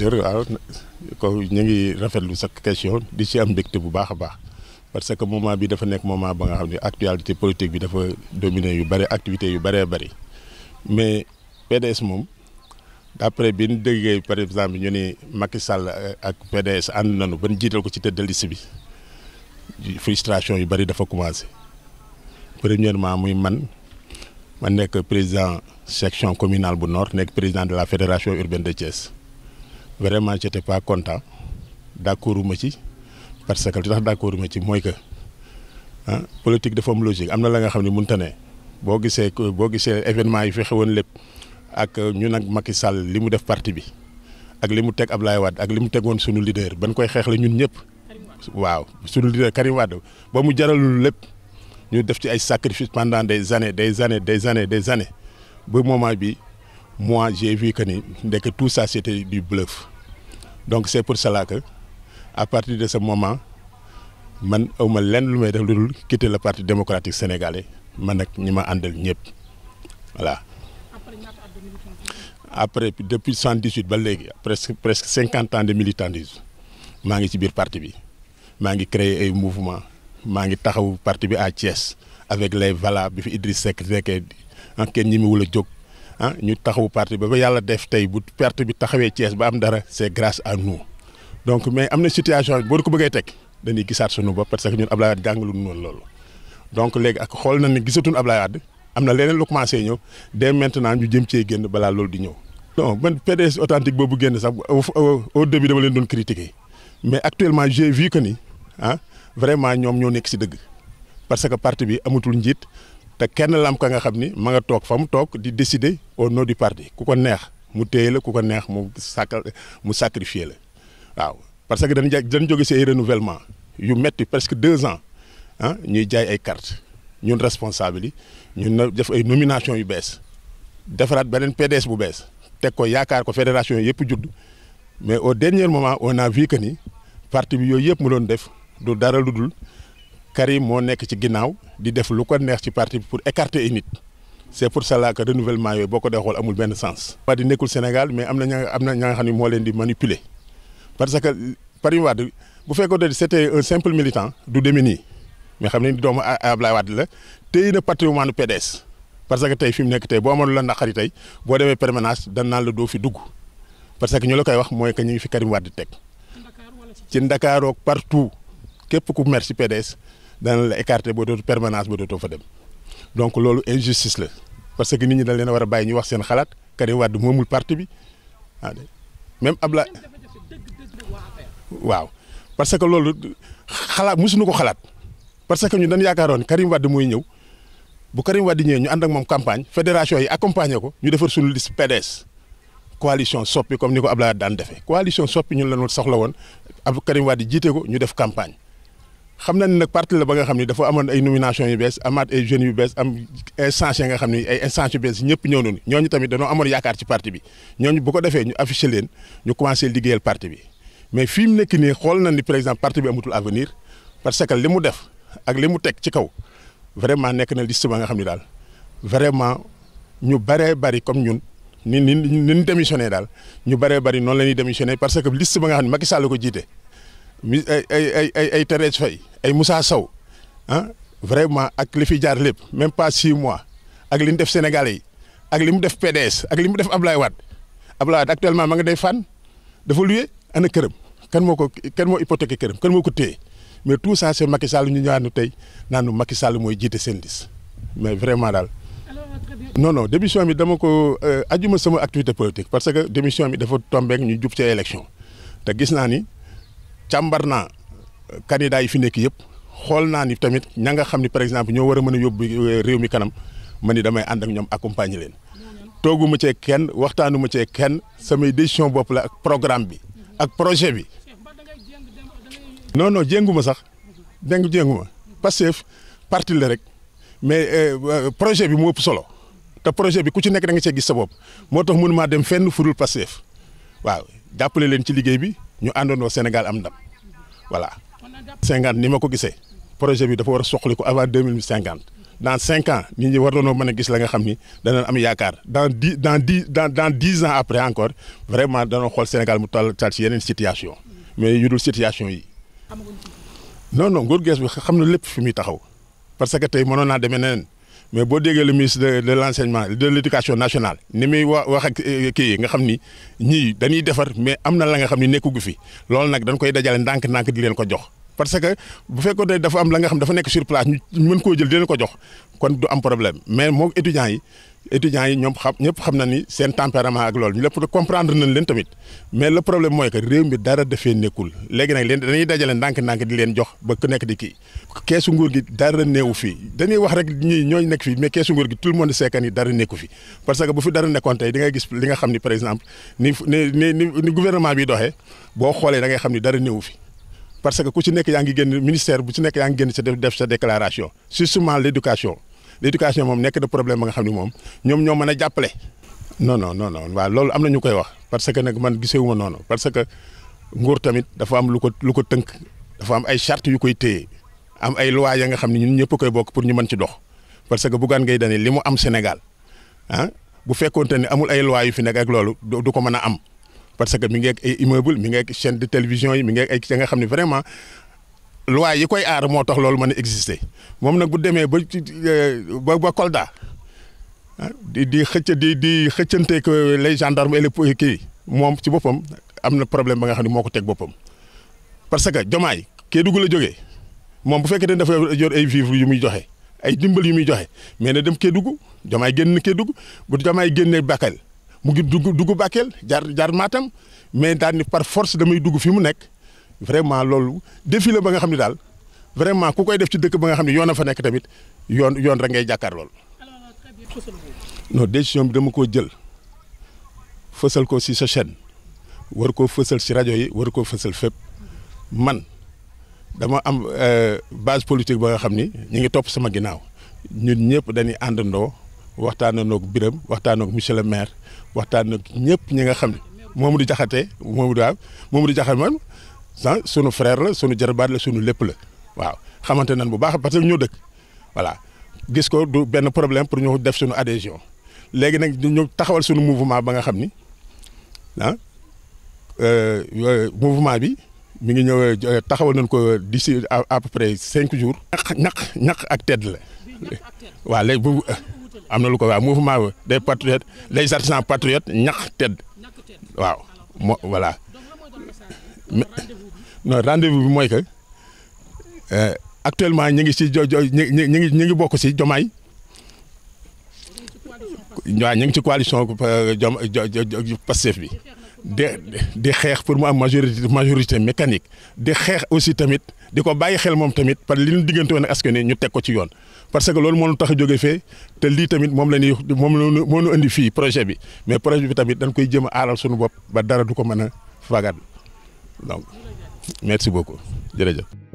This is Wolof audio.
professeur waaw ko ñu ngi rafetlu sa question di ci am mbégte bu baax a baax parce que moment bi dafa nekk moment ba nga xam ne actualité politique bi dafa dominer yu bëri activités yu bëree bëri mais PDS moom après bi ñu déggee par exemple ñu ne Macky sàll eh, ak PDS ànd ba ban jiital ko ci tête de bi frustration yu bëri dafa commencé premièrement muy man ma nekk président section communal bu Nord nekk président de la fédération urbaine de Thiès vraiment j' étais pas content d' accord ma ci parce que li tax d' accord ma ci mooy que ah politique dafa am logique am na la nga xam ne mënta ne boo gisee boo gisee événement yi fi xewoon lépp ak ñu nag Macky Sall li mu def parti bi ak li mu teg Ablaye Wade ak li mu tegoon sunu ba ban koy xeexle ñun ñëpp waaw sunu leader Karim Wade ba mu jaralul lépp ñu def ci ay sacrifice pendant des années des années des années des années ba moment bi mois j'ai vu que ni ndekk tout ça c'était du bluff donc c'est pour cela que à partir de ce moment man awma lenn lu may def ludul dul quitter le parti démocratique sénégalais man ak ñi ma àndal ñëpp voilà. après depuis soixante dix huit ba léegi presque presque cinquante ans de militantisme maa ngi ci biir parti bi maa ngi créer ay mouvement maa ngi taxaw parti bi à Thiès avec les vala bi fi Idriss Seck nekkee kenn ñi mu wul a jóg. ah ñu taxawu parti ba ba yàlla def tey bu perte bi taxawee Thiès ba am dara c'est grace à nous donc mais am na situation boo ko bëggee teg dañuy gisaat sunu bopp parce que ñun Abdoulaye Wade jàngaluñu noonu loolu. donc léegi ak xool na ni ab Abdoulaye Wade am na leneen lu commencé ñëw dès maintenant ñu jëm cee génn balaa loolu di ñëw. non man PDS authentique boobu génn sax au début dama leen doon critiquer mais actuellement j'ai vu que ni ah vraiment ñoom ñoo nekk ci dëgg parce que parti amatul njiit. te kenn la ka nga xam ni ma nga toog fa mu toog di décider o nom du parti ku ko neex mu téye la ku ko neex mu sacr mu sacrifier la waaw parce que dañ dañ jóge si ay renouvellement yu metti presque deux ans ah ñuy jaay ay carte ñun responsable yi ñun na def ay nomination yu bees defaraat beneen PDS bu bees teg ko yaakaar ko fédération yëpp judd mais au dernier moment on a vu que ni parti bi yooyu yëpp mu doon def du dara lu dul Karim moo nekk ci ginnaaw di def lu ko neex ci parti pour écarter ay nit c' est pour cela que renouvellement yooyu boo ko dee xool amul benn sens. waa di nekkul Sénégal mais am na ña am na ña nga xam ne moo leen di manipuler parce que Karim Wade bu fekkoon ne c' était un simple militant du demee nii mais xam ne doomu Ablaye Wade la téye na patrimoine PDS parce que tey fi mu nekk tey boo amoon la naqari tey boo demee permanence dan naan la doo fi dugg parce que ñoo la koy wax mooy que ñu ngi fi Karim Wade teg ci Ndakaarook partout képp ku mer PDS. dana la écarter boo dootu permanence ba dootoo fa dem donc loolu injustice la parce que nit ñi dañ leen war a bàyyi ñu wax seen xalaat Karim Wade moomul parti bi ah même Abla waaw parce que loolu xalaat mosuñu ko xalaat parce que ñu dañ yaakaaroon Karim Wade mooy ñëw bu Karim Wade ñëwee ñu ànd ak moom campagne fédération yi accompagné ko ñu defar suñu liste PDS coalition soppi comme ni ko laa daan defee coalition soppi ñun la ñu soxla woon ab Karim Wade jiite ko ñu def campagne. xam na ne nag parti la ba nga xam ni dafa amoon ay nomination yu bees amaat ay jeunes yu bees am instance yi nga bees ñëpp ñëw nañu ñooñu tamit dañoo amoon yaakaar ci parti bi ñooñu bu ko defee ñu affiché leen ñu commencé liggéeyal parti bi mais fii mu nekk nii xool na ni par exemple parti bi amatul avenir parce que li mu def ak li mu teg ci kaw vraiment nekk na liste ba nga xam ni daal vraiment ñu baree bari comme ñun ni ni ni ñu daal ñu baree la ñuy démissionné parce que liste ba nga xam ko jiite. mi ay ay ay ay Thérèse ay Moussa Sow ah vraiment ak li fi jaar lépp même pas six mois ak li mu def Sénégalais yi ak li mu def PDS ak li mu def Ablaye Wade Ablaye Wade actuellement ma nga day fànn dafa luye ana këram kenn moo ko kan moo hypothéqué këram kan moo ko téye mais tout ça c'est Macky Sall ñu ñëwaat tey naan nu Macky Sall mooy jiite seen liste mais vraiment daal. Euh, noonoon non démission bi dama ko euh, ajuma sama activité politique parce que démission bi dafa tombeek ñu jub ca élection te gis naa ni. càmbar naa euh, candidat yi fi nekk yëpp xool naa ni tamit ña nga xam ne par exemple ñoo war a mën a yóbbu euh, réew mi kanam ma ni damay ànd ak ñoom accompagner leen toogu ma cee kenn waxtaanu ma cee kenn samay décision bopp la ak programme bi ak projet bi non jéngu ma sax déng jéngu ma Pastef parti la rek mais euh, projet bi mu ëpp solo te projet bi ku ci nekk da nga cee gis sa bopp moo tax mënumaa dem fenn furul Pastef waaw jàppale leen ci liggéey bi ñu àndandoo Sénégal am ndam voilà. 50 ni ma ko gisee projet bi dafa war a soxli ko avant deux mille cinquante dans cinq ans nit war nañoo mën a gis la nga xam ni danañ am yaakaar dans dix dans dix dans dans dix ans après encore vraiment danoo xool Sénégal mu tal tal ci yeneen situation mais yu dul situation yi. non non nguur gees bi xam na lépp fi muy taxaw parce que tey mënoon naa demee neneen mais boo déggee le ministre de de de l' éducation nationale ni muy wa wax ak eh, kii yi nga xam ni ñii dañuy defar mais am na la nga xam ni nekkugu fi loolu nag dañ koy dajale ndànk-ndànk di leen ko jox. parce que bu fekkoon ne dafa am la nga xam dafa nekk sur place ñu mën koo jël di leen ko jox kon du am problème mais moo étudiants yi. étudiants yi ñoom xam ñëpp xam na ni seen tempérament ak loolu ñu lépp comprendre nañ leen tamit mais le problème mooy que réew mi dara dafee nekkul léegi nag leen dañuy dajale ndànk-ndànk di leen jox ba ku nekk di ki keesu nguur gi dara neewu fii dañuy wax rek ñi ñooy nekk fii mais keesu nguur gi tout le monde sait que ni dara nekku fi parce que bu fi dara gis li nga xam ni par exemple ni ni ni bi doxee boo xoolee da ngay xam ni dara neewu fi parce que ku ci nekk yaa ngi génn ministère bu ci nekk yaa ngi génn sa def sa déclaration surtout l'éducation l' moom nekk na problème ba nga xam ne moom ñoom ñoo mën a jàppale. non non non non loolu am na ñu koy wax parce que nag man gisewuma noonu parce que nguur tamit dafa am lu ko lu ko tënk dafa am ay charte yu koy téye am ay loi ya nga xam ne ñun ñëpp koy bokk pour ñu mën ci dox parce que Bougane Gueye Dany li mu am Sénégal ah bu fekkoonte ne amul ay loi yu fi nekk ak loolu du ko mën a am parce que mi ngi ak ay immeuble mi ngi ak chaîne de télévision yi mi ngi ak ay ya nga xam ni vraiment loi yi koy aar moo tax loolu mën ne exister moom nag bu demee ba euh, ba ba Kolda ah, di di xëcc di di xëccante que euh, les gendarmes kii moom ci boppam am na problème ba nga xam ne moo ko teg boppam. parce que jomaay kee dugg la jóge moom bu fekkee ne dafa yor ay vivres yu muy joxe ay dimbal yu muy joxe mais ne dem kee dugg jomaay génn kee dugg bu jomaay génnee Bakel mu gi dugg dugg Bakel jar jaar Matam mais daal par force damay dugg fi mu nekk. vraiment loolu défi ba nga xam ne daal vraiment ku koy def ci dëkk ba nga xam ne yoon a fa nekk tamit yoon yoon rek ngay jàkkaar lool. non décision bi dama koo jël fësal ko si sa chaîne war koo fësal si rajo yi war koo fësal fépp man dama am euh, base politique ba nga xam ni ñu ngi topp sama ginnaaw ñun ñëpp dañuy àndandoo waxtaan ak Birame biram ak monsieur le maire waxtaan ak ñëpp ñi nga xam ne moom di jaxate Mamadou Diakhaté di Diakhaté man. ah sunu frère la sunu jarbaat la sunu lépp la waaw xamante nan bu baax parce que ñoo dëkk voilà gis ko du benn problème pour ñu def sunu adhésion léegi nag ñu taxawal sunu mouvement ba nga xam ni ah euh, euh, mouvement bi mu ngi ñëw euh, taxawal nañ ko d'ici à peu près cinq jours. ñaq ñaq ak tedd la waaw léegi am na lu ko waaw mouvement des patriotes les artisans patriotes ñaq tedd waaw mo voilà. non rendez-vous bi mooy que euh, actuellement ñu ngi si jo jo ñu ngi ñu ngi bokk si Jomaay waaw ñu ngi ci coalition euh, jom Pastef bi di xeex pour mu am majorité mécanique di xeex aussi tamit di ko bàyyi xel moom tamit parce que li ñu woon ak askan ñu teg ko ci yoon parce que loolu moo ñu tax a jóge fee te lii tamit moom la ñuy moom la moo nu indi fii projet bi mais projet bi tamit dañ koy jëm a aaral bopp ba dara du ko mën a fagat donc. merci beaucoup jërëjëf.